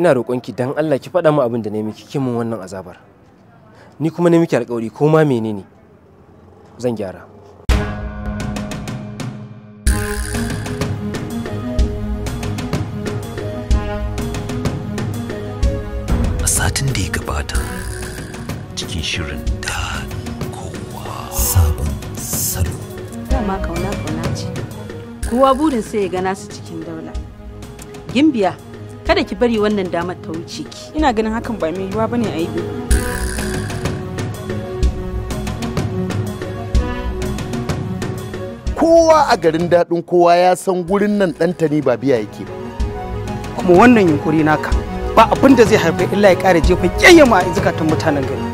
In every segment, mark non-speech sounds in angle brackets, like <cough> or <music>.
ina roƙonki dan Allah ki faɗa mu abin da ne miki kin mun wannan azabar ni kuma ne miki alƙawari ko ma menene zan gyara a satin da ya gabata cikin shirin da kowa sabon salo dama kauna kauna ce kowa burin sai ya gana su cikin daula gimbiya kada ki bari wannan damar ta wuce ki ina ganin hakan ba mai yiwuwa bane a yi kowa a garin daɗin kowa ya san gurin nan ɗantani ba biya yake ba kuma wannan yunkuri naka ba abin da zai haifar illa ya ƙara jefa ƙyayyama a zukatan mutanen gari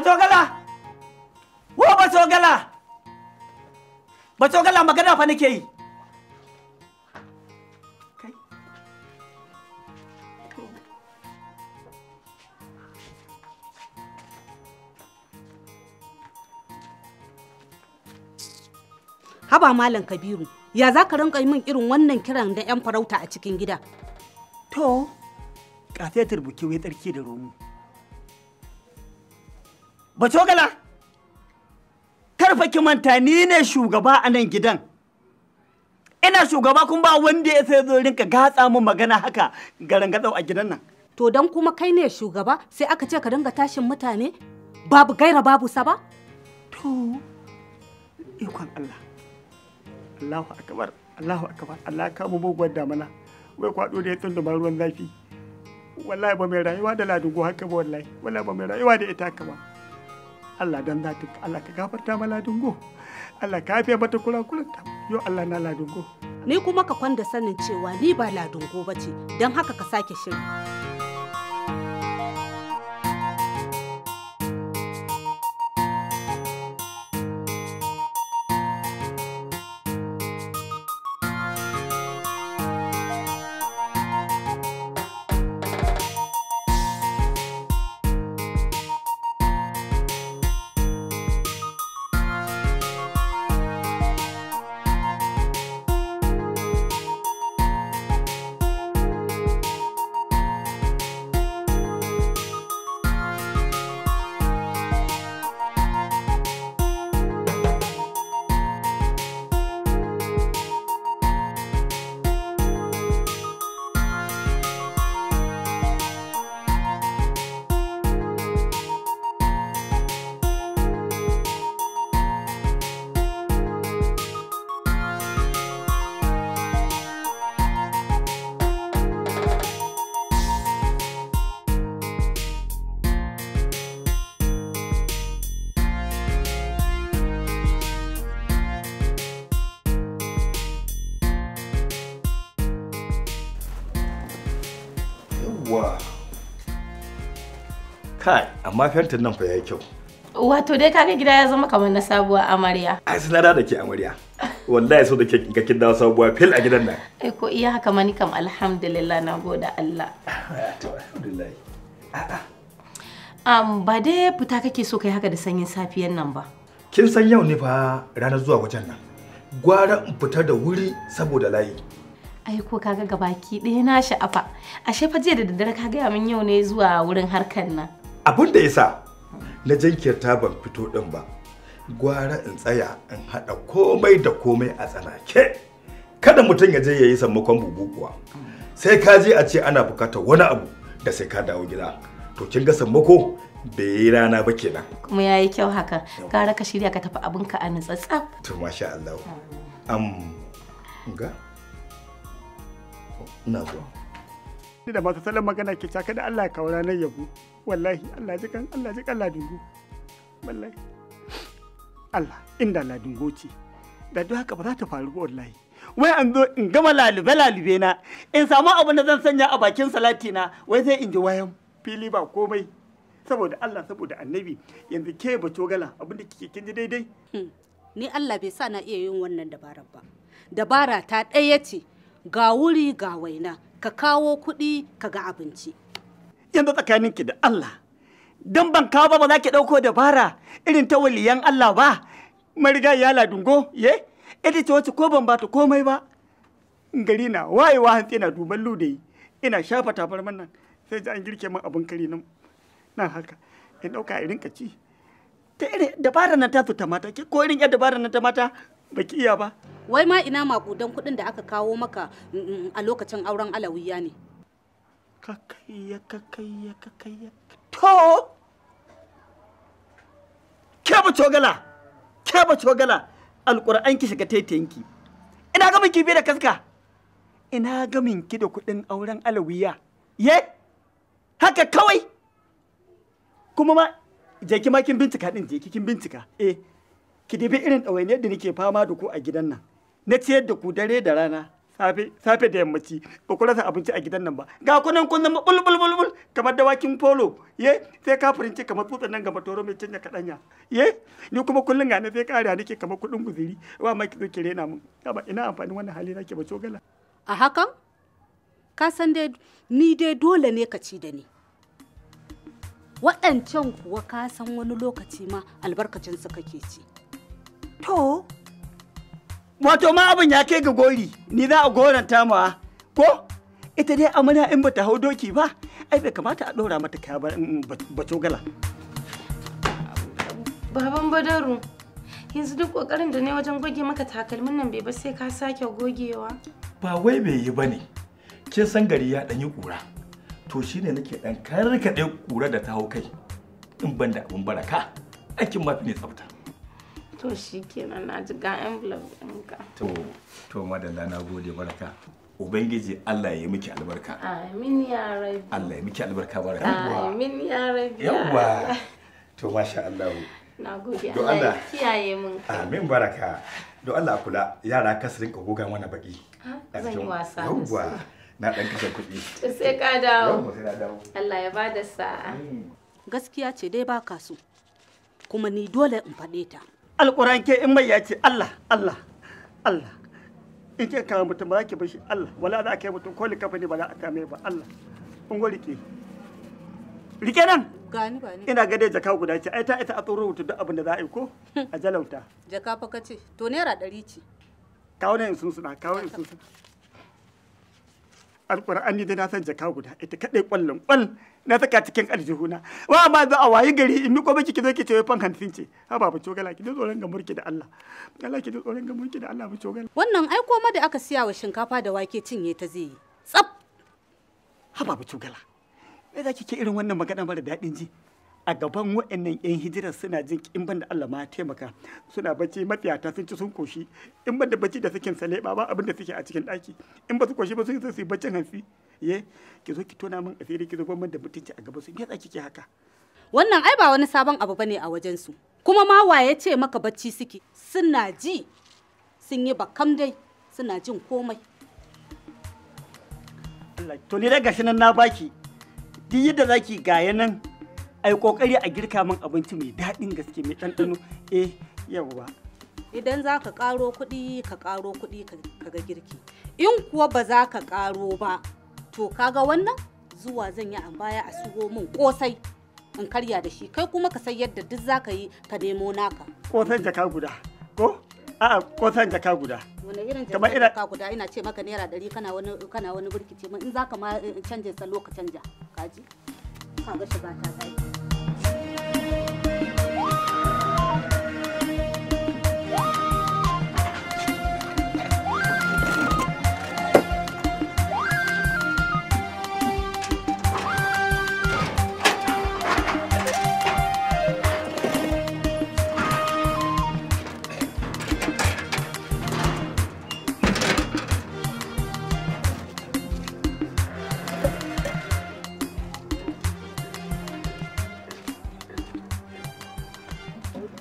Batogala! Wo Batogala! Batogala magana fa nake yi. Haba Malam Kabiru, ya za ka rinka min irin wannan kiran da 'yan farauta a cikin gida? To, kafetar buke wai tsarki da romo. Bacogala, karfa karfaki manta ni ne shugaba a nan gidan. Ina shugaba kuma ba wanda ya sai zo rinka gatsa mu magana haka garangadau a gidan nan. To dan kuma kai ne shugaba sai aka ce ka dinga tashin mutane babu gaira babu saba? To, ikon Allah. Allahu akbar, Allahu akbar, Allah ka mu muguwar damana. Wai kwado da ya tsunduma ruwan zafi. Wallahi ba mai rayuwa da ladugo haka ba wallahi. Wallahi ba mai rayuwa da ita haka ba. Allah dan zati Allah ka gafarta ma ladungo Allah ka fiye mata kurakuran ta yo Allah na ladungo ni kuma ka kwanda sanin cewa ni ba ladungo bace don haka ka sake shiri Kai, amma fentin nan fa yayi kyau. Wato dai kaga gida ya zama kamar na sabuwa amarya. Ai sinada da dake amarya. Wallahi so da ga kin dawo sabuwa fil a gidan nan. Eh ko iya haka mani kam alhamdulillah na gode Allah. To alhamdulillah. Um, ba dai fita kake so kai haka da sanyin safiyan nan ba. Kin san yau ne fa ranar zuwa wajen nan. Gwara in fita da wuri saboda layi. ai ko kaga gabaki ɗaya na sha'afa ashe fa jiya da daddare ka gaya min yau ne zuwa wurin harkar nan abin da ya sa na ta ban fito din ba gwara in tsaya in haɗa komai da komai a tsanake kada mutum ya je ya yi sammakon bubu kuwa sai ka je a ce ana bukatar wani abu da sai ka dawo gida to kin ga sammako bai yi rana ba kenan kuma yayi kyau haka gara ka shirya ka tafi abinka a nutsatsaf to masha Allah am ga na zo da masu salon magana ke caka da Allah ya kawo ranar yabo wallahi Allah ji kan Allah ji kan ladungu wallahi Allah inda ladungo ce da duk haka ba za ta faru ba wallahi wai an zo in gama lalube lalube na in samu abin da zan sanya a bakin salati na wai zai in ji wayan fili ba komai saboda Allah saboda annabi yanzu ke ba cogala abin da kike kin ji daidai hmm. ni Allah bai sa na iya yin wannan dabarar ba dabara ta ɗaya ce ga wuri ga waina ka kawo kuɗi ka ga abinci yanzu tsakaninki da Allah don ban kawo ba ba za ki ɗauko dabara irin ta waliyan Allah ba mariga ya ladungo ye ita ce wacce ko ban ba ta komai ba gari na wayewa hantsi na duban ludayi ina shafa tafar nan sai ji an girke min abin kari nan nan haka in ɗauka irin ka ci ta irin dabara nan ta fita mata ko irin yar dabara nan ta mata baki iya ba wai ma ina makudan kuɗin da aka kawo maka mm, mm, a lokacin auren alawiya ne kakayya kakayya kakayya to ke ba cogala ke ba cogala alƙur'an ki shiga taitayenki ina gamin ki bi da kaska ina gamin ki da kuɗin auren alawiya ye haka kawai kuma ma je ki ma kin bincika din je ki kin bincika eh ki dibi irin ɗawainiyar da nake fama da ku a gidan nan na ciyar da ku dare da rana safe safe da yammaci ba ku rasa abinci a gidan nan ba ga kunan kun zama bulbul bulbul kamar da wakin polo ye sai ka furinci kamar tsutsan nan gaba toro mai canja kadanya ye ni kuma kullun ga ne sai ka kariya nake kamar kudin guziri wa mai kizo zo ki rena mun ba ina amfani wannan hali nake ba cogala a hakan ka san dai ni dai dole ne ka ci da ni waɗancan kuwa ka san wani lokaci ma albarkacin su kake ci to wato ma abin ya kai ga gori ni za a goranta ma ko ita dai amarya in bata hau doki ba ai bai kamata a ɗora mata kaya ba mm, mm, gala. baban badaru yanzu duk kokarin da ne wajen goge maka takalmin nan bai ba sai ka sake gogewa ba wai bai yi bane kin san gari ya ɗan yi ƙura to shine nake ɗan karkaɗe ƙura da ta hau kai in ban da abin baraka aikin mafi ne tsafta to shi kenan na ji ga envelope ɗinka to to madalla na gode baraka ubangiji Allah ya yi miki albarka amin ya rabi Allah ya miki albarka baraka amin ya rabi yawa <laughs> to masha Allah na gode Allah kiyaye mun amin baraka don Allah kula yara kasu rinka goga mana baki zan yi wasa yawa na ɗan kashe kuɗi to sai ka dawo Allah ya bada sa'a mm. gaskiya ce dai baka so kuma ni dole in faɗe ta alƙur'an ke in mai ya ce Allah Allah Allah in ke kawo mutum ba ki bashi Allah wala za a kai mutum ko likafa ne ba za a kame ba Allah in gori ke rike nan ina gade jaka guda ce ai ta ita a tsoro rubutu duk abin da za a yi ko hmm. a jalauta jaka fa ce to naira ɗari ce kawo ne in sun suna kawo in sun suna alkur'ani da na san jaka guda ita kadai kwallon kwal na saka cikin aljihuna wa amma za a wayi gari in miko baki ki zo ki ce fan sun ce ha baba cogala ki tsoron ga murki da Allah Allah ki tsoron ga murki da Allah ba cogala wannan ai koma da aka siya wa shinkafa da wake cinye ta zai tsaf ha baba cogala me zaki ke irin wannan magana mara dadin ji a gaban wa'annan 'yan hijira suna jin in ban da Allah ma taimaka suna bacci matsiyata sun ci sun koshi in ban da bacci da suke sale ba ba abin da suke a cikin daki in ba su koshi ba sun su baccin hansi ye ki zo ki tona min asiri ki zo gwamnati da mutunci a gaban su me tsaki ke haka wannan ai ba wani sabon abu bane a wajen su kuma ma waye ce maka bacci suke suna ji sun yi bakam dai suna jin komai to ni dai gashi nan na baki duk yadda zaki gaya nan ai kokari a girka min abinci mai daɗin gaske mai ɗanɗano eh yawwa idan za ka ƙaro kuɗi ka ƙaro kuɗi ka ga girki in kuwa ba za ka ƙaro ba to kaga wannan zuwa zan yi an baya a sugo min kosai in karya da shi kai kuma ka san yadda duk za ka yi ka nemo naka ƙosan jaka guda ko a'a ƙosan jaka guda wani irin jaka guda ina ce maka naira ɗari kana wani kana wani burkice in za ka ma canje salo ka canja kaji ka ga shiga ta zai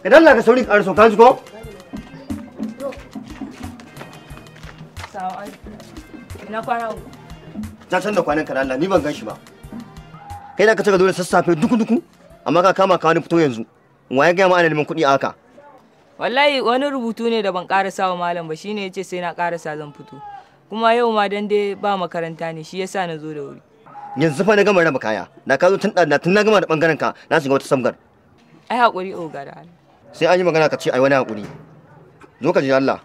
idan na ka sauri ka arso ka ji ko ina san da kwanan ka ni ban gan shi ba kai da ka ce dole sassafe duku duku amma ka kama ka wani fito yanzu waye ga ma ana neman kuɗi a haka wallahi wani rubutu ne da ban karasa wa malam ba shine yace sai na ƙara sa zan fito kuma yau ma dan dai ba makaranta ne shi yasa na zo da wuri yanzu fa na gama raba kaya da ka zo tun na gama da bangaren ka na shiga wata samgar ai hakuri ogara sai an yi magana ka ce yi wani haƙuri zo ka ji Allah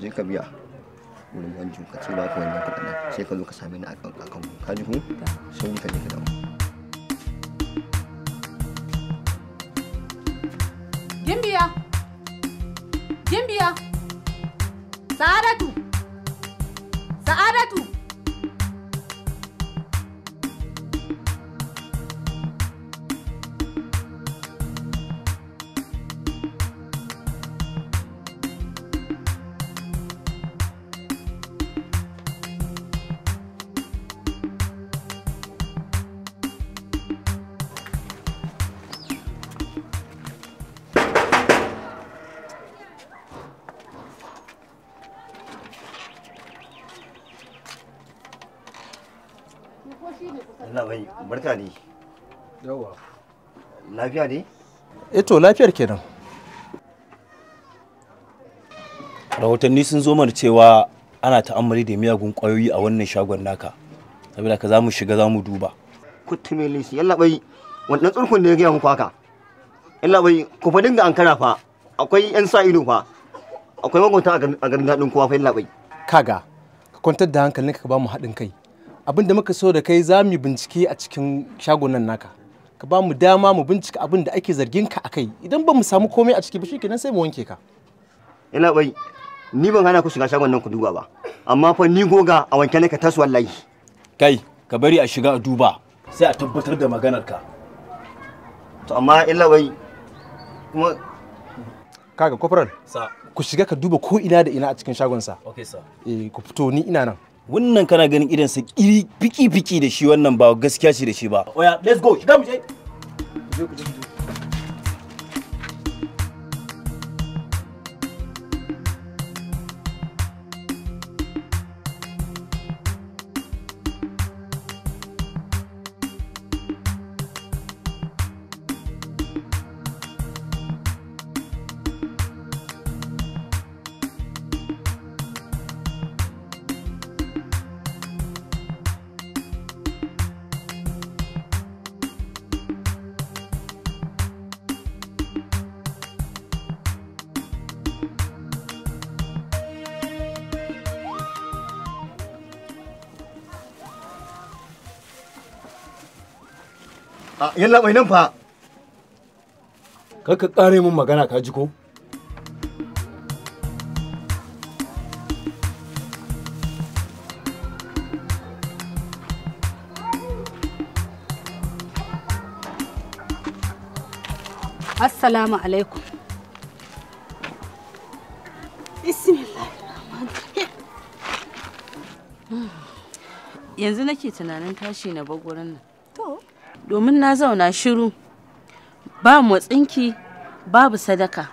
je ka biya wurin wanju ka ce ba ka wannan kuɗin sai ka zo ka same ni a kan ka ji ku ka je ka dawo Gimbiya Gimbiya Saratu barka ne yawa lafiya ne eh lafiyar kenan rahotanni sun zo mana cewa ana ta'ammali da miyagun kwayoyi a wannan shagon naka saboda ka za mu shiga za mu duba kutume lisi yalla bai wannan tsurkun da ya gaya muku haka yalla bai ku fa dinga ankara fa akwai yan sa ido fa akwai magwata a garin daɗin kowa fa yalla bai kaga ka kwantar da hankalinka ka ba mu haɗin kai abin da muka so da kai za mu bincike a cikin shagunan naka ka ba mu dama mu bincika abin da ake zargin ka a kai idan ba mu samu komai a ciki ba nan sai mu wanke ka ina bai ni ban hana ku shiga shagon nan ku duba ba amma fa ni goga a wanke ne ka tasu wallahi kai ka bari a shiga a duba sai a tabbatar da maganar ka to amma illa bai kuma kaga sa ku shiga ka duba ko ina da ina a cikin shagon sa okay sir eh ku fito ni ina nan wannan kana ganin idan sa fiki fiki da shi wannan ba gaskiya ce da shi ba oya let's go shiga mu je yalla mai nan fa kar ka ƙare min magana ka ji ko Assalamu alaikum. Hmm. Yanzu nake tunanin tashi na bar nan. domin na zauna shiru ba motsinki babu sadaka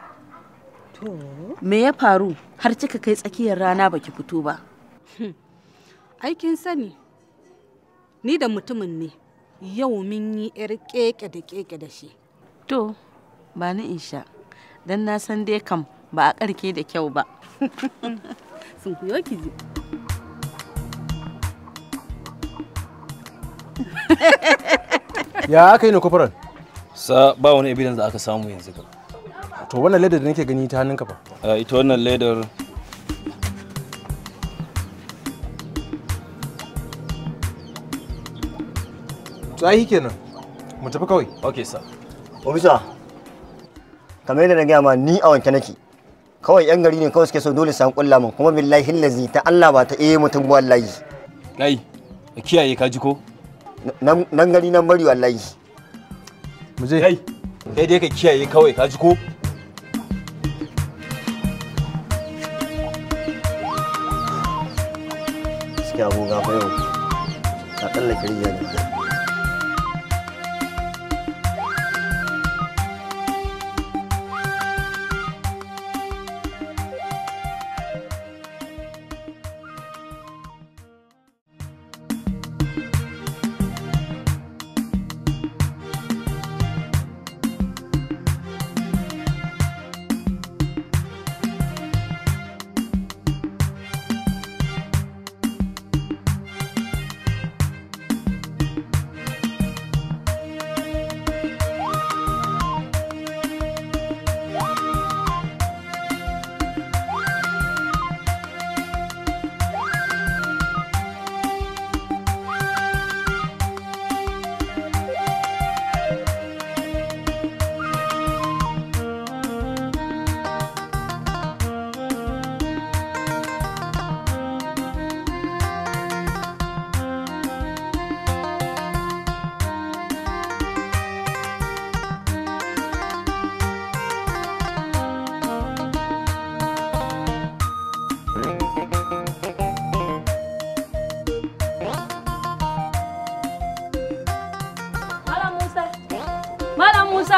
me ya faru har kika kai tsakiyar rana baki fito ba hmm. aikin sani ni da mutumin ne yau mun yi yar keke da keke da shi to ba ni in sha don na san dai kam ba a karke da kyau ba <laughs> sun kuyo ki ji <laughs> ya aka yi ne kofaran sa ba wani evidence da aka samu yanzu ka to wannan ledar da nake gani ta hannun ka fa ita wannan ledar tsayi kenan mu tafi kawai okay sa ofisa kamar yadda na gaya ma ni a wanke nake kawai yan gari ne kawai suke so dole su kulla min kuma billahi lazi ta Allah ba ta eh mutum wallahi kai kiyaye ka ji ko nan gani nan bari wallahi mu je kai kai dai ka kiyaye kawai ka ji ko gaskiya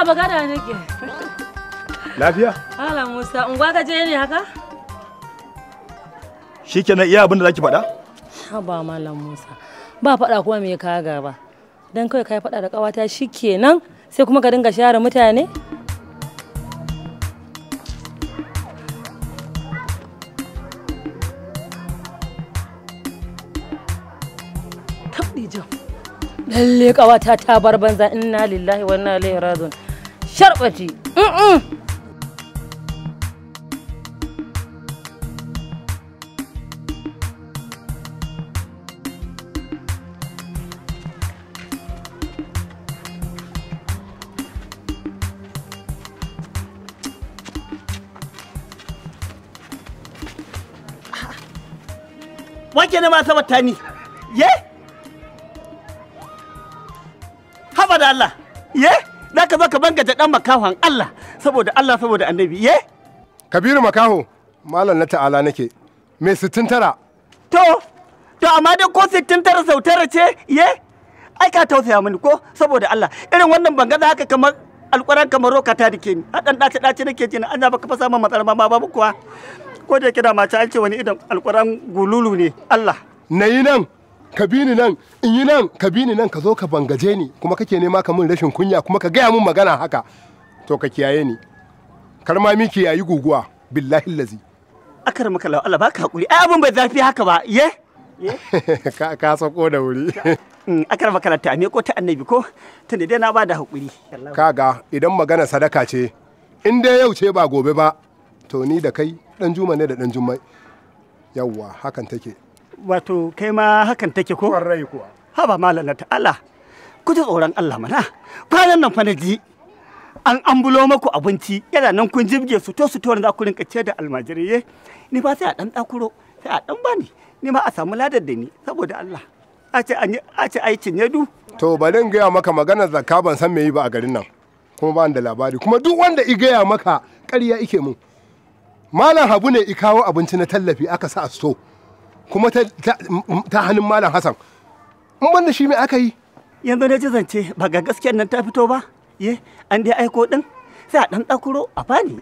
bagada nake. Lafiya? Hala Musa, unguwa ka je ne haka? Shikenan iya abin da zaki faɗa? Haba Malam Musa. Ba faɗa kuma me ka gaba. Dan kawai ka yi faɗa da ƙawata shikenan sai kuma ka dinga share mutane? Lalle ƙawata ta bar banza inna lillahi wa inna ilaihi raji'un. sharbaci wake ne ma saba tani ye haba da Allah ye yeah? za ka zo ka bangata dan makahon Allah saboda Allah saboda annabi ye kabiru makaho malam na ta'ala nake mai sittin tara to to amma dai ko sittin tara sau tara ce ye ai ka tausaya mini ko saboda Allah irin wannan bangaza haka kamar alƙwaran kamar roka ta dike ni a ɗan ɗace dace nake jin an ka fasa min matsala ma babu kuwa ko da kina ma mace an ce wani idan alƙwaran gululu ne Allah na yi nan ka bi ni nan in yi nan ka bi ni nan ka zo ka bangaje ni kuma kake nema ka min rashin kunya kuma ka gaya min magana haka to ka kiyaye ni kar ma miki yayi guguwa billahi lazi akar maka lawa Allah baka hakuri ai abin bai zafi haka ba ye <laughs> ka ka sako da wuri <laughs> mm, akar maka latta me ko ta annabi ko tunda dai na bada hakuri kaga idan magana sadaka ce in dai yau ce ba gobe ba to ni da kai dan juma ne da dan jummai yawwa hakan take wato kai ma hakan take ko kwarai kuwa haba malalata Allah ku tsoron Allah mana kwanan nan fana ji an ambulo maku abinci yana nan kun jibge su to su to za ku rinka ce da almajiriye eh? ni ba sai a dan dakuro sai a dan bani ni ma a samu ladar da ni saboda Allah a ce a ce cinye du to gaya maka magana zakka ban san me yi ba a garin nan kuma ba da labari kuma duk wanda i gaya maka ƙarya ike mun malam habu ne i kawo abinci na tallafi aka sa a sto kuma ta hannun malam hassan in banda shi me aka yi yanzu na ji zance ba ga gaskiyar nan ta fito ba ye an dai aiko din sai a dan dakuro a fani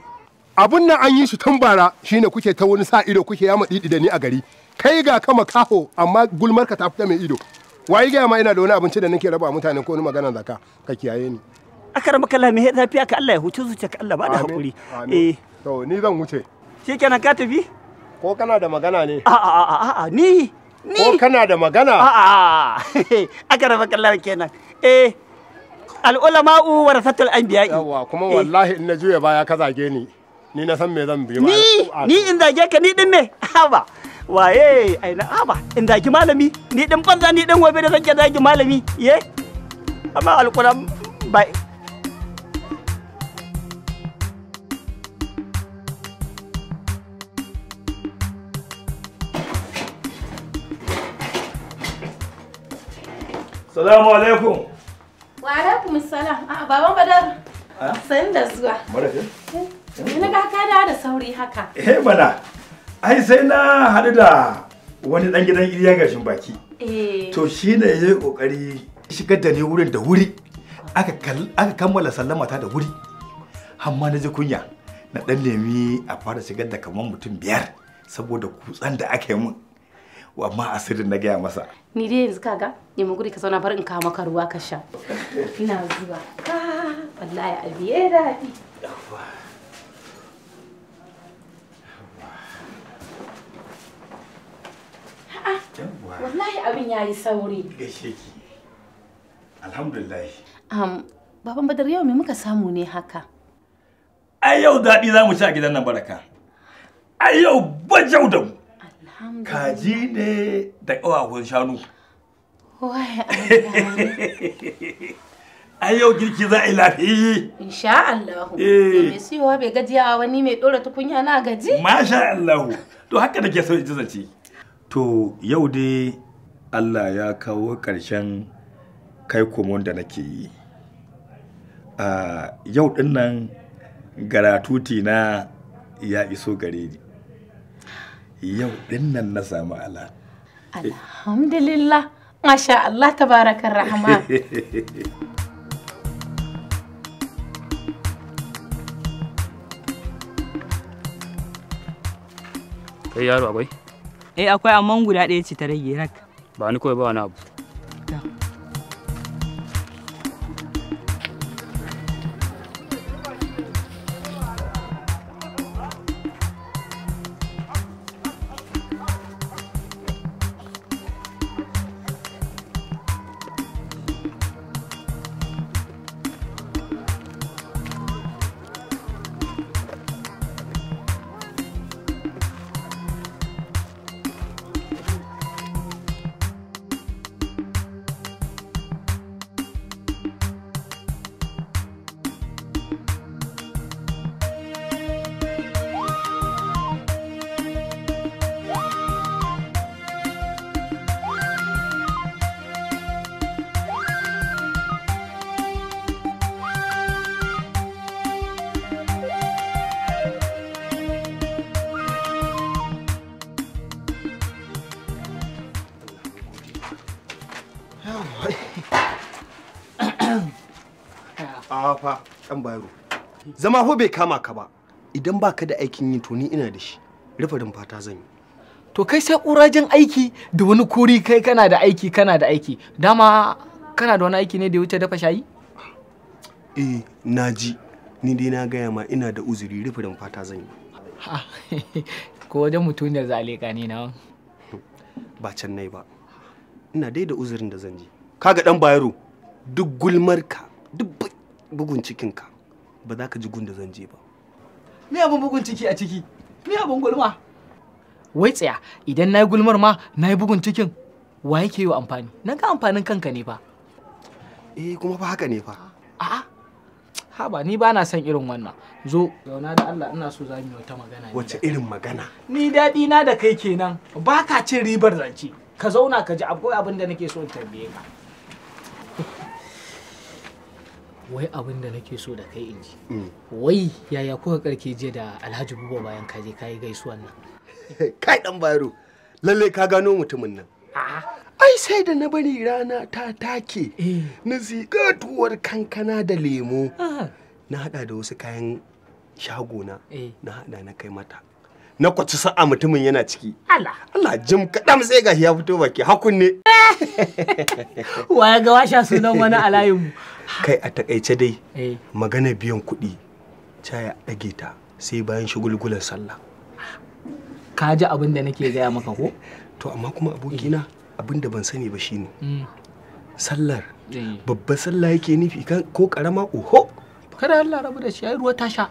abun nan an yi shi tun bara shine kuke ta wani sa ido kuke yama didi da ni a gari kai ga kama kaho amma gulmar ka ta fita mai ido waye ga ma ina da wani abinci da nake raba mutane ko wani magana zaka ka kiyaye ni akar makalla me zafiya ka Allah ya huce zuciya ka Allah ba da hakuri eh to ni zan wuce shikenan ka tafi ko kana da magana ne a'a ni ni ko kana da magana a'a <laughs> aka rafa kallar kenan eh al'ulama'u warasatul anbiya'i yawa kuma eh. wallahi in na juya baya ka zage ni ni na san me zan bi ni ni in zage ka ni din ne <laughs> haba waye ai na haba in zage malami ni din banza ni din wabe da zage zage malami ye amma alquran ba Salamu alaikum. Wa alaikum salam. A'a ah, baban Badar. Ah? Sayin da zuwa. Baraka. Eh, ni ga ka da da sauri haka. Eh bana. Ai sai na haɗu da wani ɗan gidan Iliya gashin baki. Eh. To shi ne ya yi ƙoƙari shigar da ni wurin da wuri. Aka kammala sallama ta da wuri. Amma na ji kunya. Na ɗan nemi a fara shigar da kamar mutum biyar saboda kutsan da aka yi mun. amma asirin na gaya masa ni dai yanzu kaga mu guri ka zauna bar in ka maka ruwa ka sha ina zuwa ah, wallahi abi ya daɗi wallahi abin yayi sauri gaishe ki alhamdulillah um, baban badar yau me muka samu ne haka ai yau dadi zamu sha gidan nan baraka ai yau bajau da mu kaji ne da ƙawafin shanu ai yau a yi lafiyi insha eh. mai siyowa bai gajiya wani mai ɗora tukunya na gaji masha Allahu to haka da ke so ji to yau dai Allah ya kawo ƙarshen kai komon da nake yi a ah, yau ɗin nan garatuti na ya iso gare ni yau dinnan na samu ala alhamdulillah masha Allah tabarakar rahama <laughs> kai yaro akwai eh akwai amma guda ɗaya ce ta rage rak ba ni kawai ba wani abu zama ho bai kama ka ba idan ba ka da aikin yi to ni ina da shi rufe fata zan yi to kai sai ƙurajin aiki da wani kuri kai kana da aiki kana da aiki dama kana da wani aiki ne da wuce dafa shayi eh na ji ni dai na gaya ma ina da uzuri rufe fata zan yi <laughs> ko wajen mutuniyar zalika ne na ba can nai ba ina dai da uzurin da zan je kaga dan bayero duk gulmarka duk bugun cikinka ba za ka ji gun da zan je ba me abin bugun ciki a ciki me abin gulma wai tsaya idan na yi gulmar ma na yi bugun cikin wa yake yi amfani na ga amfanin kanka ne fa eh kuma fa haka ne fa a'a haba ni ba na son irin wannan zo yauna da Allah ina so za mu yi wata magana wace irin magana ni daɗi na da kai kenan ba ka cin ribar rance ka zauna ka ji akwai abin da nake so in tambaye ka wai abin da nake so da kai in ji mm. wai yaya kuka karke jiya da alhaji buba bayan kaje kayi gaisuwan nan <laughs> kai dan bayro lalle ka gano mutumin nan ai sai da na bari rana ta take eh. na gatuwar kankana da lemo na hada da wasu kayan shagona eh. na hada na kai mata na kwaci sa'a mutumin yana ciki Allah jim kadam sai gashi ya fito baki hakun ne <laughs> wa ya ga washa sunan wani alayin mu <laughs> kai a takaice dai eh. magana biyan kuɗi caya ɗage ta sai bayan shigulgulan sallah ka ji abin da nake gaya maka ko <laughs> to amma kuma abokina eh. abin da ban sani ba shine mm. sallar eh. babban sallah yake nufi ko karama oho kada Allah rabu da shi ai ruwa ta sha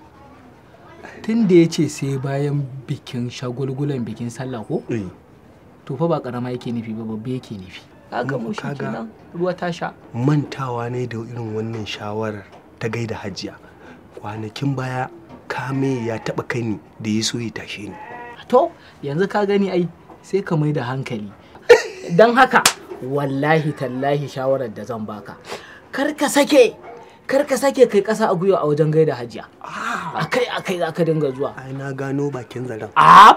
tun da ya ce sai bayan bikin shagulgulan bikin sallah ko to fa ba karama yake nufi ba babba yake nufi kaga mu kenan ruwa ta sha mantawa ne da irin wannan shawarar ta gaida hajiya kwanakin baya kame ya taba kani da ya so ya tashe ni to yanzu ka gani ai sai ka mai da hankali <laughs> don haka wallahi tallahi shawarar da zan baka kar ka sake kar ka sake kai kasa a gwiwa a wajen gaida hajiya ah! akai akai za ka dinga zuwa ai na gano bakin zaren a ah!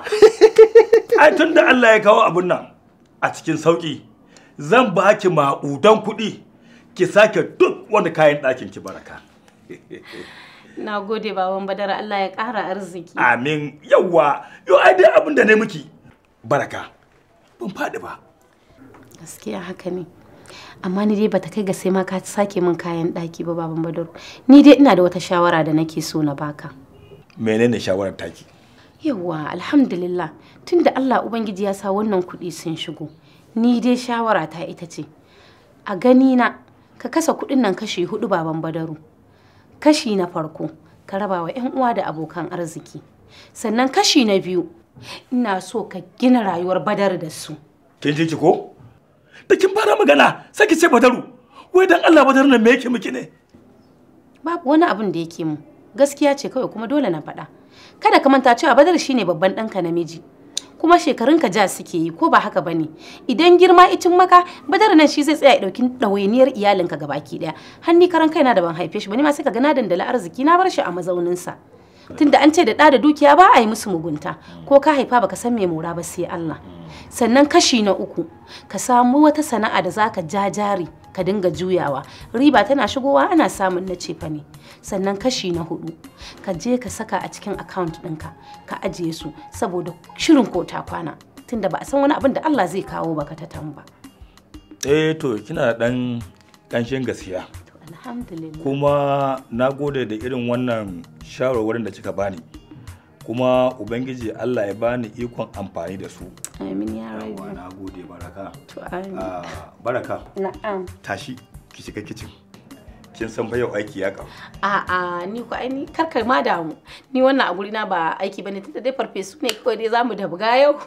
<laughs> ai tunda Allah ya kawo abun nan a cikin sauki zan ba ki maƙudan kuɗi ki sake duk wani kayan ɗakin ki baraka. <laughs> Na gode baban badara Allah ya ƙara arziki. Amin yawwa yau ai dai abin da ne miki baraka ban faɗi ba. Gaskiya haka ne. Amma ni dai bata kai ga sai ma ka sake min kayan ɗaki ba baban badaru. Ni dai ina da wata shawara da nake so na baka. Menene shawarar taki? Yawwa alhamdulillah tunda Allah Ubangiji ya sa wannan kuɗi sun shigo. ni dai shawara ta ita ce a gani na ka kasa kuɗin nan kashi hudu baban badaru kashi na farko ka raba wa 'yan uwa da abokan arziki sannan kashi na biyu ina so ka gina rayuwar badar da su kin ji ko da kin fara magana saki ce badaru wai dan Allah badar nan me yake miki ne babu wani abin da yake mu gaskiya ce kawai kuma dole na faɗa kada ka manta cewa badar shine babban ɗanka namiji kuma shekarun ka ja suke yi ko ba haka bane idan girma icin maka badar nan shi zai tsaya ya dauki ɗawainiyar iyalinka gabaki daya hanni karan kaina da ban haife shi bane ma sai ka ga na dandala arziki na bar shi a mazaunin sa tunda an ce da ɗa da dukiya ba a yi musu mugunta ko ka haifa baka san me mora ba sai Allah sannan kashi na uku ka samu wata sana'a da zaka ja jari ka dinga juyawa riba tana shigowa ana samun na fa ne sannan kashi na hudu ka je ka saka a cikin account ɗinka ka ajiye su saboda shirin ko ta kwana tunda ba a san wani abin da Allah zai kawo baka ta ba. eh to kina dan kanshin gaskiya kuma na gode da irin wannan shawarwarin da kika bani kuma ubangiji Allah ya bani ikon amfani da su amin ya rabu na gode baraka to amin ah, baraka na'am tashi ki shiga kicin kin san fa yau aiki ya kawo a'a ni ko ai ni karkar ma damu ni wannan a gurina ba aiki bane tunda dai farfesu ne kawai dai zamu dabga yau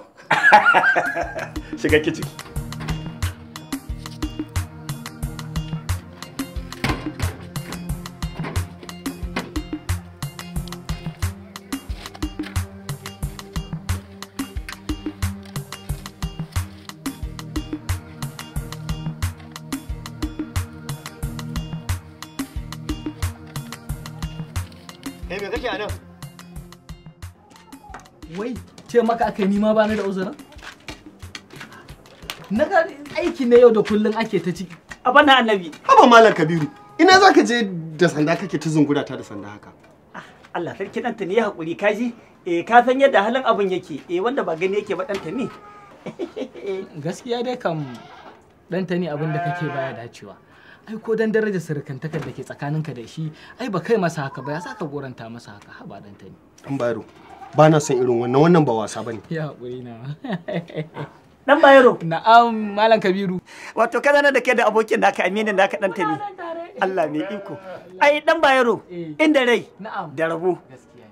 <laughs> shiga kicin ce maka aka nima ma ni da uzurin na ga aiki na yau da kullun ake ta ciki a bana annabi Aba malam kabiru ina zaka je da sanda kake ta zungura ta da sanda haka ah, Allah sarki ɗanta ne ya haƙuri kaji eh ka san yadda halin abin yake eh wanda ba gani yake ba ɗanta <laughs> ne gaskiya dai kam ɗanta ne abin da kake baya dacewa ai ko dan darajar surukantakar da ke tsakaninka da shi ai ba kai masa haka ba ya saka goranta masa haka haba ɗanta ne an baro ba na son irin wannan wannan ba wasa bane ya hakuri na <laughs> dan bayero na'am malam kabiru wato ka zana da ke da abokin da naka da ka dan tani Allah mai iko ai dan bayero eh. inda rai da rabo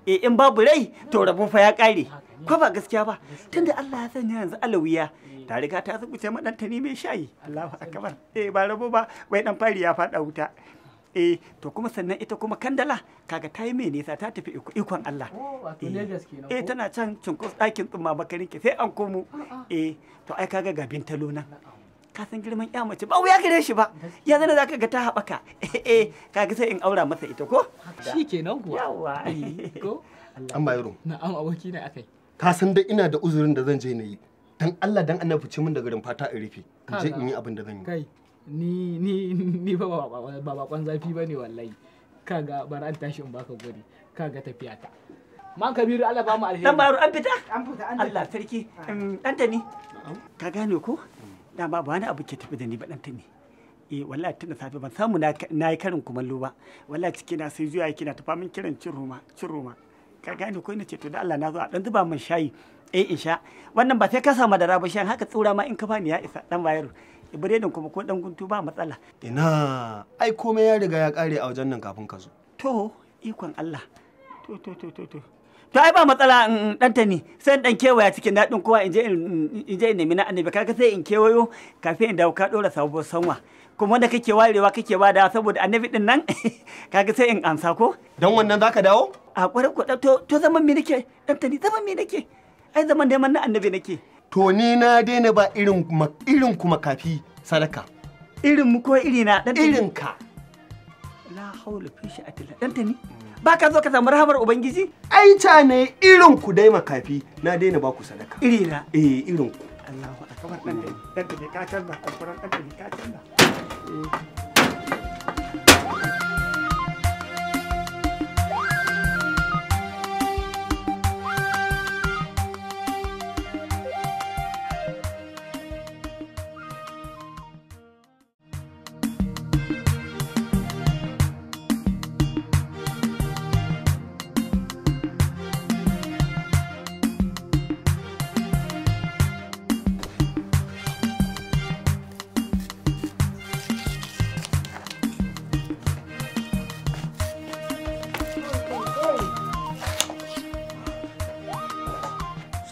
eh in babu rai to rabo fa ya kare ko ba gaskiya ba tunda Allah ya sanya yanzu alawiya eh. ta riga ta zubuce madan tani mai shayi Allahu akbar eh ba rabo ba wai dan fari ya fada wuta eh to kuma sannan ita kuma kandala kaga ta yi mai nisa ta tafi ikon Allah oh, eh. eh tana can cinkus ɗakin tsumma makarin sai an komo eh to ai kaga gabin talo nan ka san girman ya mace ba wuya gare shi ba ya zana zaka ga ta haɓaka <laughs> eh kaga sai in aura masa ita ko shikenan kuwa yawa eh, ko an na'am aboki ne akai ka san dai ina da uzurin da zan je na yi dan Allah dan annabi fice min da garin fata in rufe in je in yi abin da zan yi ni ni <laughs> ni ba ba kwan zafi bane wallahi kaga bar an tashi in baka gori kaga tafiya ta man kabiru Allah ba mu alheri dan baro an fita an fita an Allah sarki dan ta ni ka gane ko da ba wani abu ke tafi da ni ba dan ta ni eh wallahi tun da safe ban samu na yi karin kumallo ba wallahi ciki na sai zuwa yake na tafa min kiran cin roma cin roma ka gane ko ina ce to da Allah na zo a dan zuba min shayi eh insha wannan ba sai ka samu da rabu shan haka tsura ma in ka bani ya isa dan bayaru biredin kuma ko dan guntu ba matsala ina ai komai ya riga ya kare a wajen nan kafin ka zo to ikon Allah to to to to to to ai ba matsala dan tani sai dan kewaya cikin dadin kowa in je in je in nemi na annabi kaga sai in kewayo kafin in dawo ka dora sabuwar sanwa kuma wanda kake warewa kake ba da saboda annabi din nan <laughs> kaga sai in ansa ko dan wannan zaka dawo a kwarar to to zaman me nake dan tani zaman me nake ai zaman neman na annabi nake to ni na daina ba irin kuma kafi sadaka irin mu ko iri na dan irin ka la haula fi shi sha'atillah dan tani ba ka zo ka samu rahamar ubangiji ai ta ne irin ku dai makafi na daina ba ku sadaka iri na eh irin ku Allahu akbar dan tani dan tani ka canza alquran dan tani ka canza eh.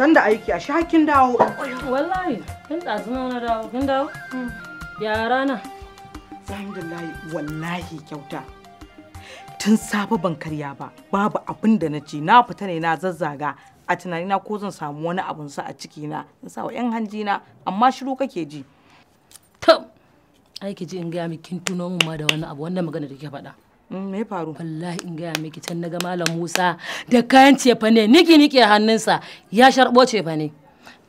san da aiki a shakin dawo wallahi kin ɗazu na dawo kin dawo hmm. ya rana alhamdulillahi wallahi kyauta tun safe ban karya ba babu abin da na ci na fita ne na zazzaga a tunanina ko zan samu wani abun sa a ciki na in sa wa yan hanji na amma shiru kake ji Tam, ai in ga mi kin tuno mun ma da wani abu wannan magana da kike faɗa Mm, me faru wallahi in gaya miki can na ga malam Musa da kayan cefa ne niki nike hannunsa ya sharbo cefa ne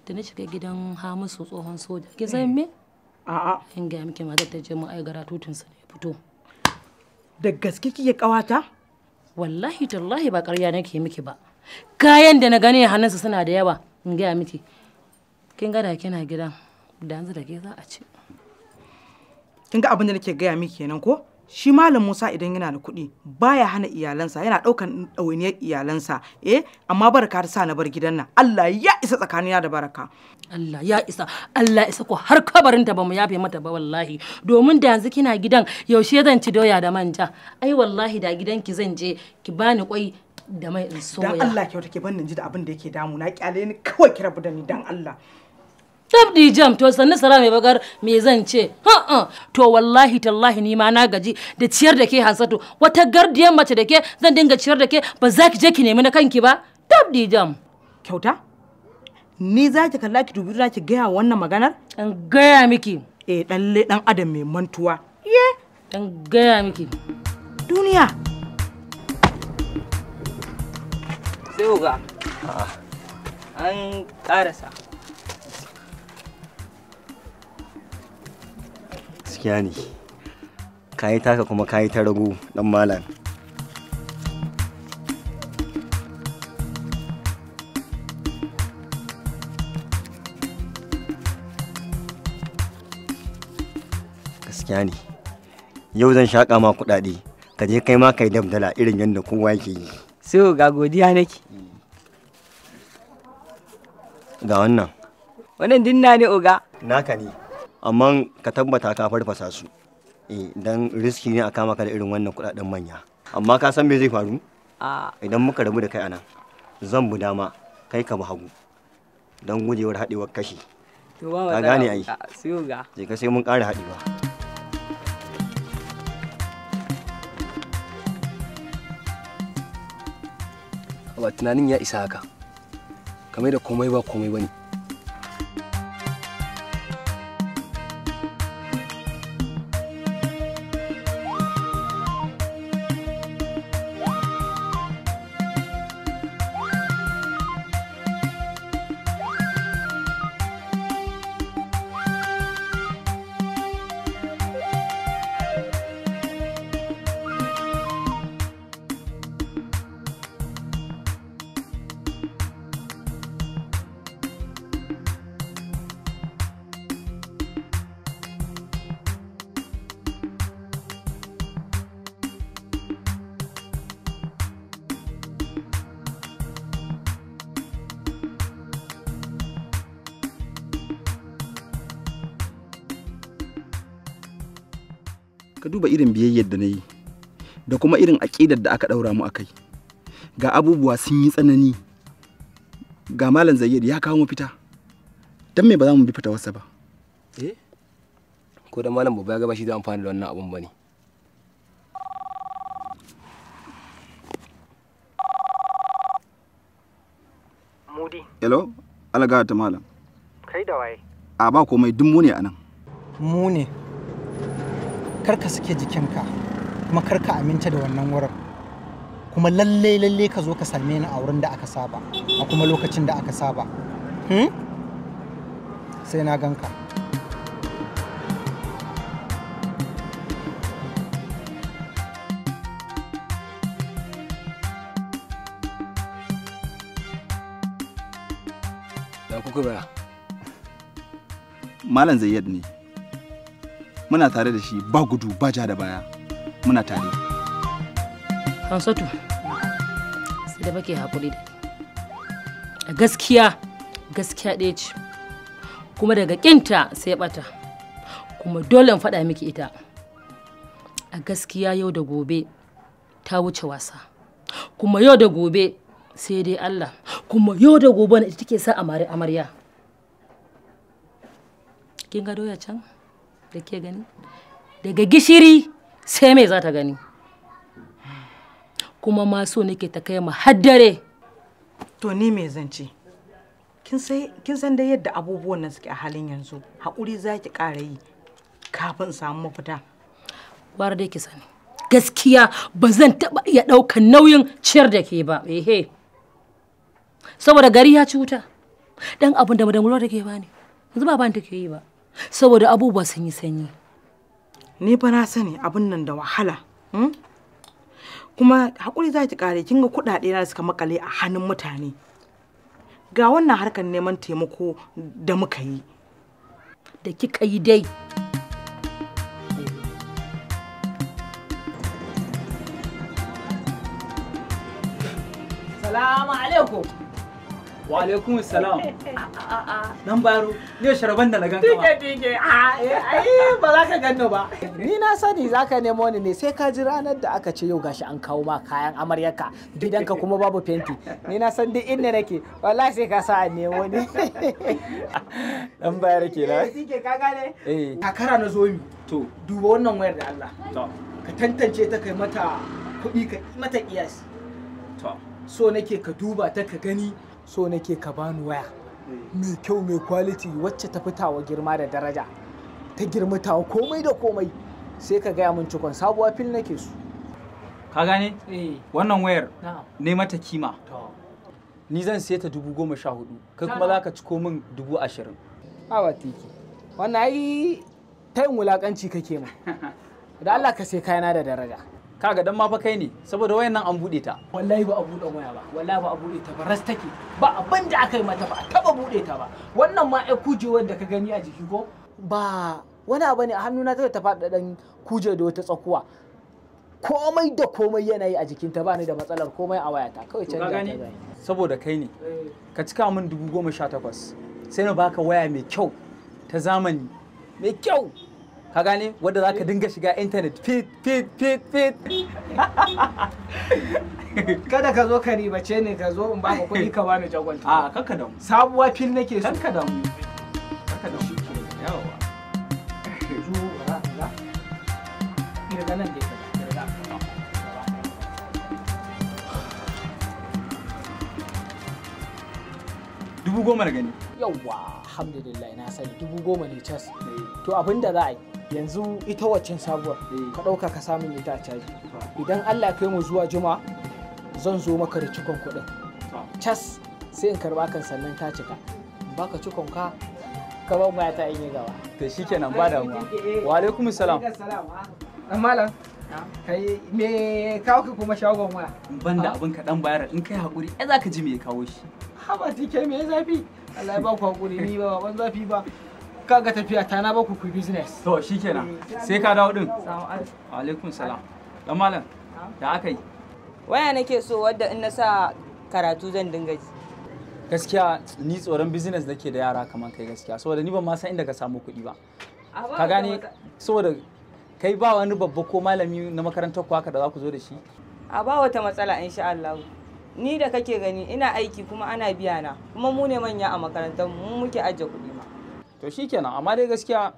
da na shiga gidan Hamisu tsohon soja ki san me a'a in gaya miki ma ta je mu ai gara tutunsa ne fito da gaske kike kawata wallahi tallahi ba ƙarya nake miki ba kayan da na gani hannunsa suna da yawa in gaya miki kin ga da kina gidan da yanzu da ke za a ce kin ga abin da nake gaya miki kenan ko shi malam musa idan yana da kuɗi baya hana iyalansa yana ɗaukan ɗawainiyar iyalansa eh amma baraka ta sa na bar gidan nan allah ya isa tsakanina da baraka allah ya isa allah isa ko har kabarin ta bamu yafe mata ba wallahi domin da yanzu kina gidan yaushe zan ci doya da manja ai wallahi da gidan ki zan je ki bani kwai da mai in soya dan allah kyauta ke ban ji da abin da yake damu na kyale ni kawai ki rabu dan allah Dabdi jam to sannu sara mai bagar me zan ce? to wallahi tallahi ni ma na gaji da ciyar da ke Hansatu wata gardiyar mace da ke zan dinga ciyar da ke ba za je ki nemi na kanki ba. Dabdi jam. Kyauta? Ni za ki kalla ki dubi ki gaya wannan maganar? An gaya miki. Eh ɗalle dan adam mai mantuwa. Ye. An gaya miki. Duniya. Sai ga. An ƙarasa. gaskiya ne kayi taka kuma kayi ta ragu dan malam gaskiya ne yau zan shaƙa ma kuɗaɗe ka je kai ma kai damdala irin yadda kowa yake yi so ga godiya nake ga wannan wannan dinna ne oga naka ne amma ka tabbata ka farfasa su idan eh, riski ne a kama ka da irin wannan kudaden manya amma ka san me zai faru idan muka rabu da kai anan zan bu dama kai ka bu hagu don gujewar haɗewar kashi ka gane ai je ka sai mun ƙara haɗewa ba tunanin ya isa haka kamar da komai ba komai ba duba irin biyayyar da na yi da kuma irin aƙidar da aka ɗaura mu a kai ga abubuwa sun yi tsanani ga malam zayyar ya kawo mafita don me ba za mu bi fitawarsa ba eh ko da malam babba ya gaba shi zai amfani da wannan abun ba ne mudi hello alaga ta malam kai da waye a ba komai dun mu ne anan mu ne kar ka sake jikinka kuma karka aminta da wannan wurin kuma lalle lalle ka zo ka same ni a wurin da aka saba a kuma lokacin da aka saba hmm? sai na ganka malam zayyad ne muna tare da shi ba gudu ba ja da baya muna tare hansatu sai da bake hakuri da a gaskiya gaskiya ɗaya ce kuma daga kinta sai bata kuma dole in faɗa miki ita a gaskiya yau da gobe ta wuce wasa kuma yau da gobe sai dai Allah kuma yau da gobe ita take sa amare amarya kin ga doya can da ke gani daga gishiri sai mai za ta gani kuma ma so nake ta kai mu haddare to ni mai zan kin san dai yadda abubuwan nan suke a halin yanzu haƙuri za ki ƙara yi kafin samu mafita war da ki sani gaskiya ba zan taɓa iya ɗaukan nauyin ciyar da ke ba ehe saboda gari ya ci wuta dan abin da ke ba ne yanzu ba ban take yi ba saboda abubuwa sun yi sanyi ni fa na sani abin nan da wahala hmm? kuma hakuri za ki kare kin ga kuɗaɗe na suka makale a hannun mutane ga wannan harkar neman taimako da muka yi da kika yi dai Salamu alaikum. wa alaikum salam <laughs> nan baro ne sharaban da na ganka ba dike dike ah, eh, ai ba za ka ganno ba ni na sani za ka nemo ni ne sai ka ji ranar da aka ce yau gashi an kawo ma kayan amaryarka gidanka kuma babu fenti ni na san duk inda nake wallahi sai ka sa a nemo ni dan <laughs> bayar kenan eh dike ka gane eh. kakara na zo mi to duba wannan wayar da Allah ka tantance ta kai mata kuɗi ka mata kiyasi to so nake ka duba ta ka gani so nake ka bani waya mai kyau mai quality wacce ta wa girma da daraja ta girma komai da komai sai ka gaya min cikon sabuwa fil nake su ka gane eh. wannan wayar ne mata kima ni zan sai ta dubu goma sha hudu kai kuma za ka ciko min dubu ashirin awa tiki wannan ai tayin wulakanci kake ma <laughs> da Allah ka sai kayana da daraja kaga dan ma fa kai ne saboda wayan nan an bude ta wallahi ba a bude waya ba wallahi ba a bude ta ba ras take ba abin da aka yi mata ba a taba bude ta ba wannan ma ai kujewar da ka gani a jiki ko ba wani abu ne a hannuna ta ta fada dan kuje da wata tsakuwa komai da komai yanayi a jikinta ba ni da matsalar komai a wayata kawai canza ta saboda kai ne eh. ka cika min dubu goma sha takwas sai na baka waya mai kyau ta zamani mai kyau ka gane wadda za ka dinga shiga intanet fit fit fit fit <laughs> kada ka zo ka ribace ne ka zo in baka kuɗi ka bani jagwal <laughs> a kanka damu sabuwa fil nake su kanka damu kanka damu yawa daga nan dubu goma da gani yawwa alhamdulillah na sani dubu goma ne cas eh. to abinda za a yi yanzu ita waccan sabuwar eh. ka ɗauka ka samu ita a caji ah. idan allah kai mu zuwa juma zan zo maka da cikon kuɗin ah. cas sai in karɓa kan sannan ta cika baka cikon ka ka ba mu ta in yi gaba to shikenan ba da mu wa alaikum salam malam kai me kawo ka kuma shagon waya ban da ah. abin kaɗan bayar in kai hakuri ai zaka ka ji me ya kawo shi haba tike me zafi Allah ya ba ku hakuri ni ba ban zafi ba kaga tafiya ta na baku ku business to shikenan sai ka dawo din alaikum salam dan malam da aka yi waya nake so wadda in na sa karatu zan dinga ji gaskiya ni tsoron business nake da yara kamar kai gaskiya saboda ni ban ma san inda ka samu kuɗi ba ka gane saboda kai ba wani babba ko malami na makarantar ku haka da za ku zo da shi a ba wata matsala insha Allah ni da kake gani ina aiki kuma ana biya na kuma mu ne manya a makarantar mu muke ajiye kuɗi ma to shi kenan amma dai gaskiya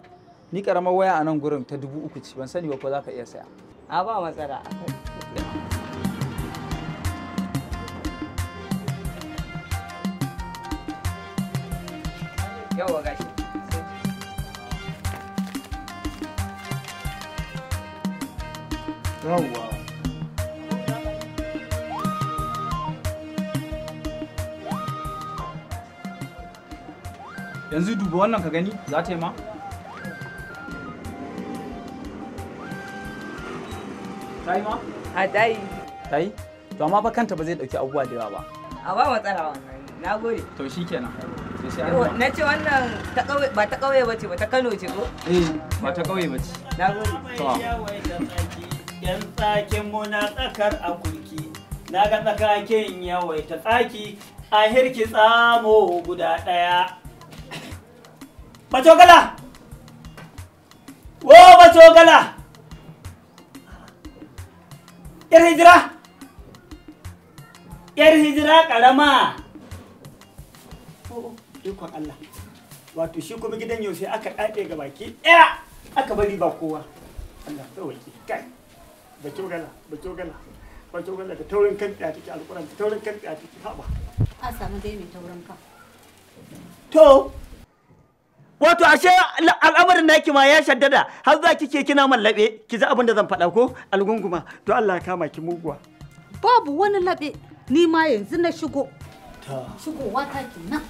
ni karamar waya a nan gurin ta dubu uku ci ban sani ba ko za ka iya saya a ba matsala yawa gashi yanzu duba wannan ka gani za ta yi ma ta yi ma a ta yi ta yi to amma fa kanta ba zai dauki abubuwa da yawa ba a ba matsala wannan na gode to shikenan na ce wannan ba ta kauye ba ce ba ta kano ce ko eh ba ta kauye ba ce na gode to yan tsakin mu na tsakar a kulki na ga tsakakin yawai ta tsaki a hirki tsamo guda daya Bacogala! Wo Bacogala! Yar hijira! Yar hijira ƙarama! Oh, oh, Allah. Wato shi gidan yaushe aka ɗaɗe gabaki? baki aka bari ba kowa. Allah kai. taurin alƙuran, taurin haɓa. dai mai taurin To, wato ashe al'amarin naki ma ya shaddada har za kike kina labe ki ji abin da zan faɗa ko algunguma to Allah ya kama ki muguwa babu wani labe ni ma yanzu na shigo shigowa ta kenan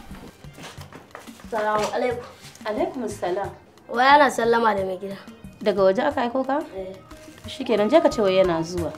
salamu alaikum alaikum salam wa yana sallama da mai gida daga waje aka aiko ka eh. shikenan je ka ce wai yana zuwa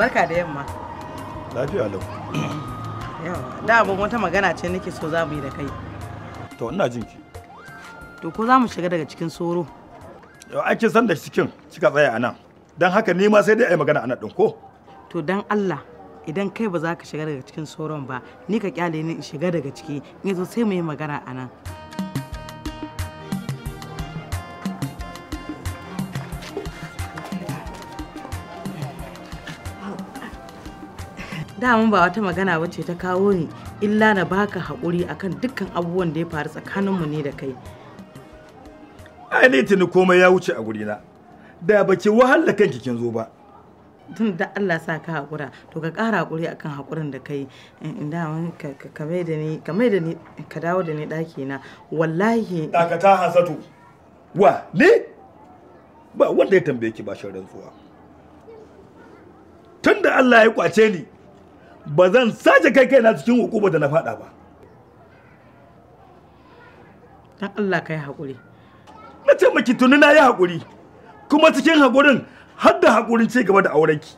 barka da yamma lafiya lau da abin wata magana ce nake so za mu yi da kai to ina jin ki to ko za mu shiga daga cikin soro yau an kin san da cikin kika tsaya nan dan haka ni ma sai dai ai magana a nan din ko to dan Allah idan kai ba za ka shiga daga cikin soron ba ni ka kyale ni in shiga daga ciki in yanzu sai mu yi magana a nan. daman ba wata magana ba ce ta kawo ni illa na baka haƙuri akan dukkan abubuwan da ya faru tsakaninmu ne da kai ai ne tuni komai ya wuce a gurina da ba baki wahala kanki kin zo ba tun da Allah sa ka haƙura to ka ƙara haƙuri akan haƙurin da kai in eh, eh, ka mai da ni ka mai da ni ka dawo da ni ɗaki na wallahi dakata hasatu wa ne ba wanda ya tambaye ki ba shan rantsuwa da Allah ya kwace ni ba zan sace kai kai na cikin hukuma da na faɗa ba dan Allah kai hakuri. na ce miki tuni na yi hakuri, kuma cikin hakurin har da hakurin ce gaba da aurenki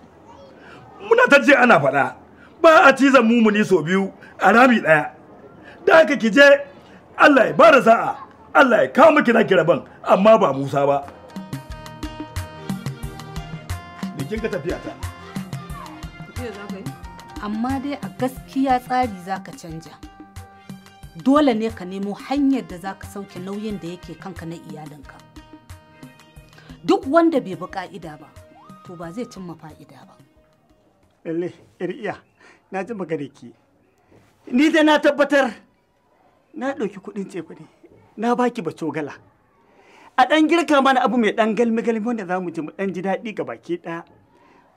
muna ta ce ana faɗa ba a cizon mumuni sau biyu a rami ɗaya da haka ki je Allah ya bada sa'a Allah ya kawo miki na kiraban, amma ba Musa ba bikin tafiya ta tafiya za ka amma dai a gaskiya tsari za ka canja dole ne ka nemo hanyar da za ka sauke nauyin da yake kanka na iyalinka duk wanda bai bi ka'ida ba to ba zai cimma fa'ida ba lalle iya na ji magana ki ni da na tabbatar na ɗauki kuɗin ce na baki bacogala a ɗan girka mana abu mai ɗan galmi-galmi wanda za mu ji mu ɗan ji daɗi ga baki ɗaya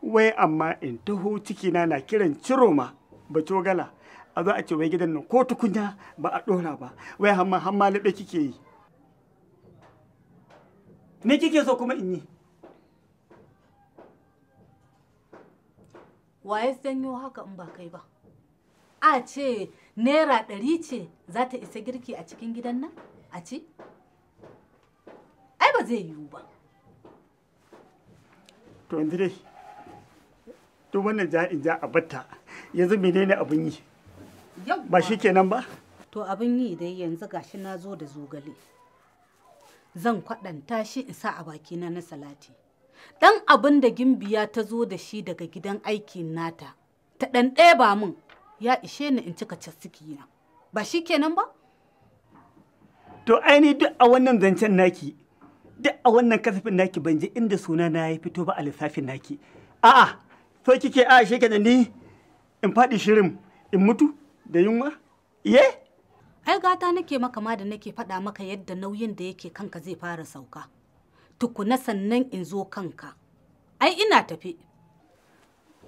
wai amma in taho cikina na kiran ciroma gala a zo a ce wai gidan nan ko tukunya ba a ɗora ba wai hamma hamma laɓe kike yi me kike so kuma in yi waye janyo haka in ba kai ba a ce naira ɗari ce za ta isa girki a cikin gidan nan a ce ai ba zai yiwu ba to dai duk wannan ja'in ja a batta yanzu menene abun yi ba shi kenan ba to abun yi dai yanzu gashi na zo da zogale zan kwaɗanta shi in sa a baki na salati dan abin da gimbiya ta zo da shi daga gidan aiki nata ta dan ɗaya ba mun ya ishe ni in cika casiki na ba shi kenan ba to aini duk a wannan zancen naki duk a wannan kasafin naki ban je inda suna na ya fito ba a lissafin naki a'a so kike a shi da ni in faɗi shirin in mutu da yunwa ye ai gata nake maka ma da nake faɗa maka yadda nauyin da yake kanka zai fara sauka tukuna sannan in zo kanka ai ina tafi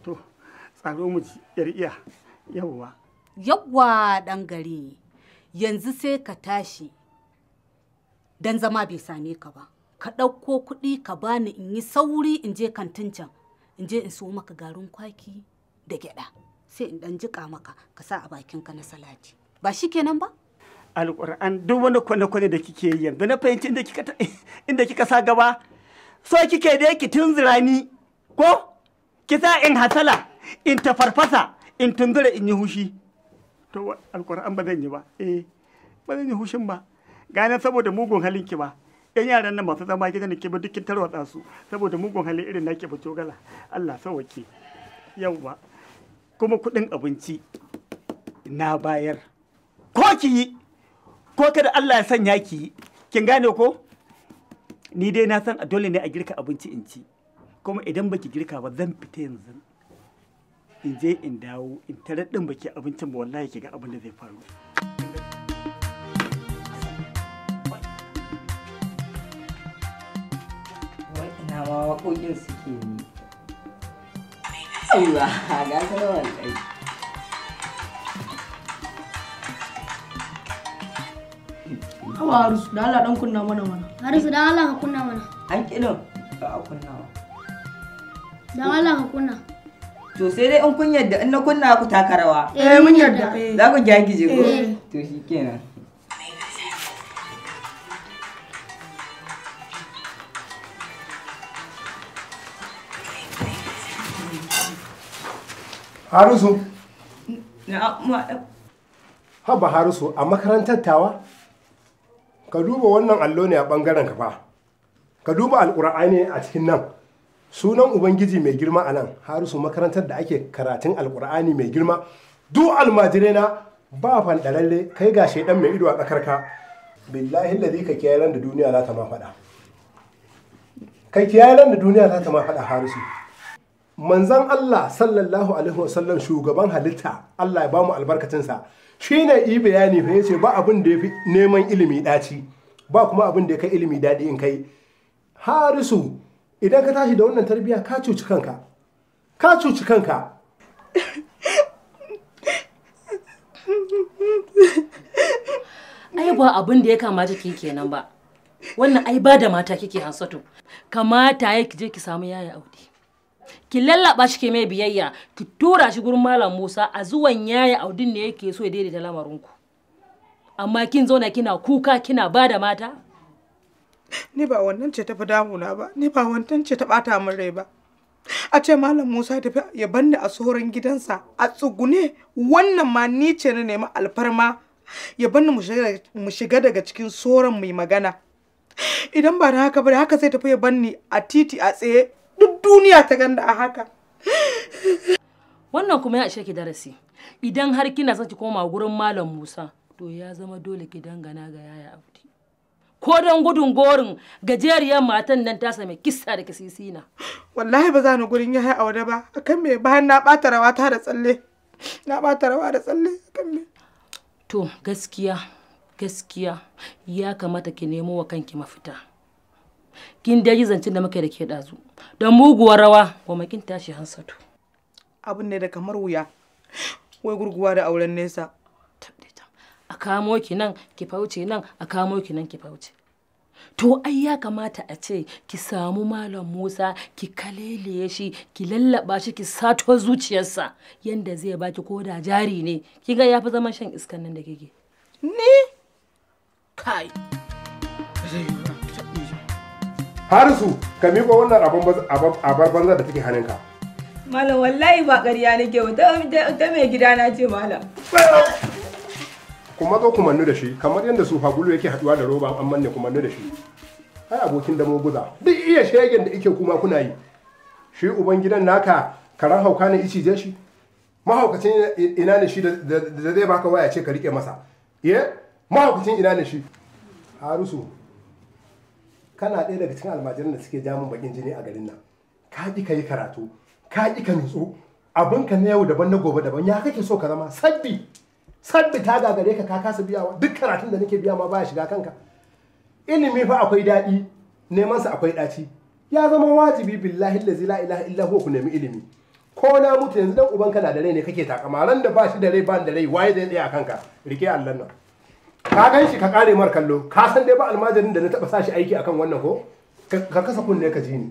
to tsaro mu yar iya yawwa yawwa dan gari yanzu sai ka tashi dan zama bai same ka ba ka ɗauko kuɗi ka bani in yi sauri in je kantin can in je in so maka garin kwaki da gyada sai in dan jika maka ka sa a bakinka na salati ba shikenan ba alquran duk wani kwane-kwane da kike yi yanzu na fahimci inda kika sa gaba so kike da ki tunzura ni ko ki sa in hasala in tafarfasa in tunzura in yi hushi to alquran ba zan yi ba eh ba zan yi hushin ba gane saboda mugun halinki ba yan yaran nan masu zama gidan ke ba dukkin tarwatsa su saboda mugun hali irin na ke fito gala Allah yau ba kuma kuɗin abinci na bayar ko ki yi ko kada Allah ya sanya ki yi kin gane ko ni dai na san a dole ne a girka abinci in ci kuma idan baki girka ba zan fita yanzu in je in dawo in tarar din baki abincin ba wallahi ga abin da zai faru ma waƙoƙin suke yi aiwa ga su na wallahi Hawa Harisu, da Allah ɗan kunna mana mana. Harisu, da Allah kunna mana. An kiɗan ba kunna wa. Da Allah kunna. To sai dai in kun yadda in na kunna ku taka rawa. Eh mun yadda. Za ku gyagije ko? Eh. To shi kenan. Harusu. Eh. Haba Harusu a makarantar tawa? Ka duba wannan allo ne a bangaren ka fa. Ka duba alƙur'ani a cikin nan. Sunan Ubangiji mai girma a nan, Harusu makarantar da ake karatun al'ur'ani mai girma. Du almajirai na ba fanɗaralle kai ga shaidan mai ido a tsakarka. Billahi lalli ka kiyaye da duniya za ta ma faɗa. Kai kiyaye da duniya za ta ma faɗa Harusu. manzan Allah sallallahu alaihi wasallam shugaban halitta Allah ya bamu albarkacinsa shine yi bayani fa yace ba abin da ya fi neman ilimi daci ba kuma abin da ya kai ilimi daɗi in kai harisu idan ka tashi da wannan tarbiyya ka cuci kanka ka cuci kanka ai ba abin da ya kamata jiki kenan ba wannan ai ba da mata kike hansatu kamata ya kije ki samu yaya aure ki lallaba shi ke mai biyayya ki tura shi gurin malam musa a zuwan yaya audin ne yake so ya daidaita ku amma kin zauna kina kuka kina bada mata ni ba wannan ce tafi damuna ba ni ba wannan ce ta bata min rai ba a ce malam musa tafi ya banni a soran gidansa a tsugune wannan ma ni ce na nemi alfarma ya banni mu shiga daga cikin soron mai magana idan ba na haka ba da haka sai tafi ya banni a titi a tsaye duniya ta ganda a haka wannan kuma ya ishe ki darasi idan har kina son ki koma gurin malam Musa to ya zama dole ki dangana ga yaya Abdi ko don gudun gorin gajeriyar matan nan ta same kissa da kisisina wallahi ba za ni gurin yaya aure ba akan me bayan na bata rawa ta da tsalle na bata rawa da tsalle akan me to gaskiya gaskiya ya kamata ki nemo wa kanki mafita kin daji zancen da muka da ke ɗazu da muguwar rawa goma kin tashi hansatu abin ne da kamar wuya wai gurguwa da auren nesa a kamo ki nan ki fauce nan a kamo ki nan ki fauce to ai ya kamata a ce ki samu malam musa ki kaleliye shi ki lallaba shi ki sato zuciyarsa yanda zai baki ko da jari ne ki ga yafi fi zaman shan iskan nan da kike ni kai zai su ka miƙo wannan abar banza da take hannunka malam wallahi ba ƙarya nake ta mai gida na ce malam kuma zo kumannu da shi kamar yadda su fagulu yake haɗuwa da roba an manne kumannu da shi Har abokin damo guza duk iya shegen da ike kuma kuna yi shi uban gidan naka karan hauka ne ici je shi mahaukacin ina ne shi da zai baka waya ce ka rike masa Ye? Eh, mahaukacin ina ne shi harusu kana ɗaya daga cikin almajiran da suke jamun bakin jini a garin nan ka ƙi ka yi karatu ka ƙi ka nutsu abin ka na yau daban na gobe daban ya kake so ka zama sabbi sabbi ta gagare ka ka kasa biyawa duk karatun da nake biya ma baya shiga kanka ilimi fa akwai daɗi neman sa akwai ɗaci ya zama wajibi billahi allazi la ilaha illa huwa ku nemi ilimi ko na mutu yanzu dan uban ka da rai ne kake takama ran da ba shi da rai ba da rai waye zai tsaya kanka rike Allah nan ka gan shi ka kare mar kallo ka san dai ba almajirin da na taba sashi aiki akan wannan ko ka kasa kunne ka ji ni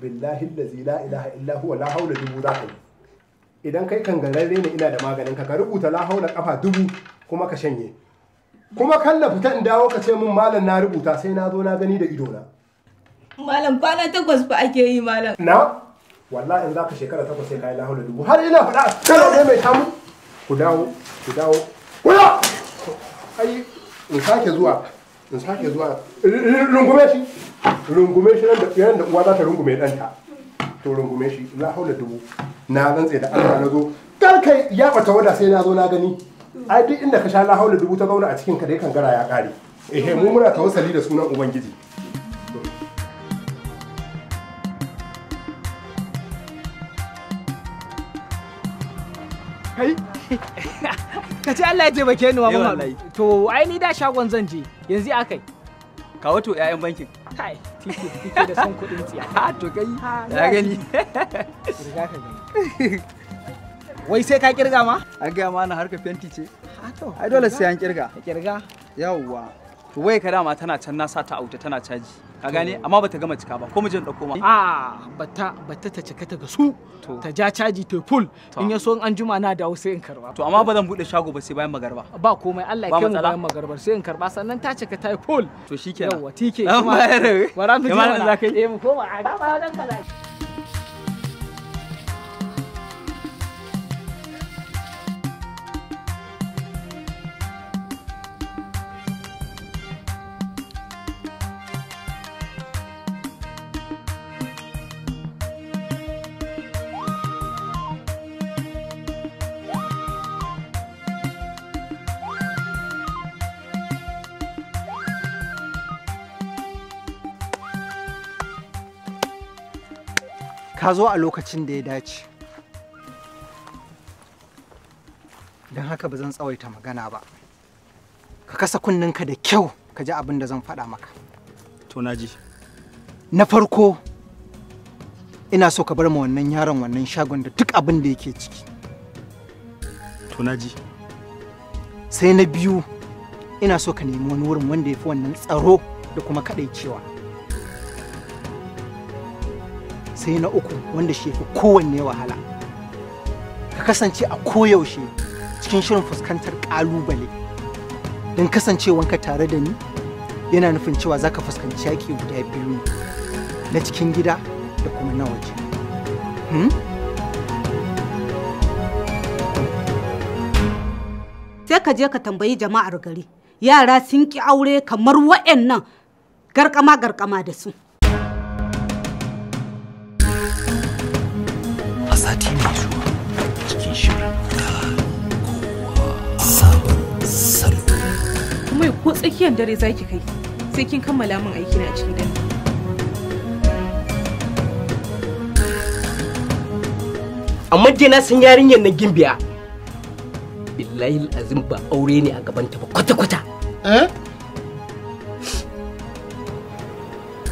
billahi allazi la ilaha illa huwa la haula dubu za ka yi idan kai kangararre ne ina da maganin ka ka rubuta la haula kafa dubu kuma ka shanye kuma kalla fita in dawo ka ce min malam na rubuta sai na zo na gani da ido na. malam kwana takwas ba ake yi malam na wallahi in zaka shekara takwas sai kai la haula dubu har ina faɗa kana ne mai tamu ku dawo ku dawo ku ai in sake zuwa in sake zuwa rungume shi rungume shi nan da uwa za ta rungume ɗanta to rungume shi la haula dubu na zantse da Allah na zo kar kai ya bata wada sai na zo na gani ai duk inda ka sha la haula dubu ta zauna a cikin ka dai gara ya kare ehe mu muna tawassali da sunan ubangiji kai ka ce Allah ya taimake ni mamu wallahi to ai ni da shagon zan je yanzu akai ka wato ƴaƴan bankin kai tike da son kuɗin tsiya <laughs> ha to kai ya gani riga ka gani wai sai ka kirga ma an ga ma na harka fenti ce ha to ai dole sai an kirga kirga yawwa to wai ka dama tana can na sata auta tana caji ka gane amma bata gama cika ba ko mu je dauko ma a ah, bata bata ta cika ta gasu ta ja caji to full in ya so an juma na dawo sai in karba to amma ba zan bude shago ba sai bayan magarba ba komai Allah ya kai mu bayan magarba sai in karba sannan ta cika ta full to shikenan yawa tike kuma <laughs> bara mu yi mu koma a gaba wajen kaza ka zo a lokacin da ya dace don haka ba zan tsawaita magana ba ka kasa kunninka da kyau ka ji abin da zan faɗa maka to naji na farko ina so ka bar ma wannan yaron wannan shagon da duk abin da yake ciki to naji sai na biyu ina so ka nemi wani wurin wanda ya fi wannan tsaro da kuma kaɗaicewa cewa sai na uku wanda shi fi kowanne wahala ka kasance a koyaushe cikin shirin fuskantar ƙalubale don kasancewanka tare da ni yana nufin cewa zaka ka fuskanci yaƙi guda biyu na cikin gida da kuma na waje hmm? sai ka je ka tambayi jama'ar gari yara sun ki aure kamar waɗannan garkama-garkama da su tsakiyar dare za ki kai sai kin kammala min aiki na a cikin dare amma dai na san yarinyar na gimbiya billahi azim ba aure ne a gaban ta ba kwata-kwata eh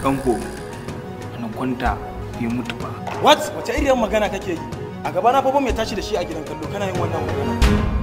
kanko na kwanta bai mutu ba what wace iriyar magana kake yi a gaba na fa mai tashi da shi a gidan kallo kana yin wannan magana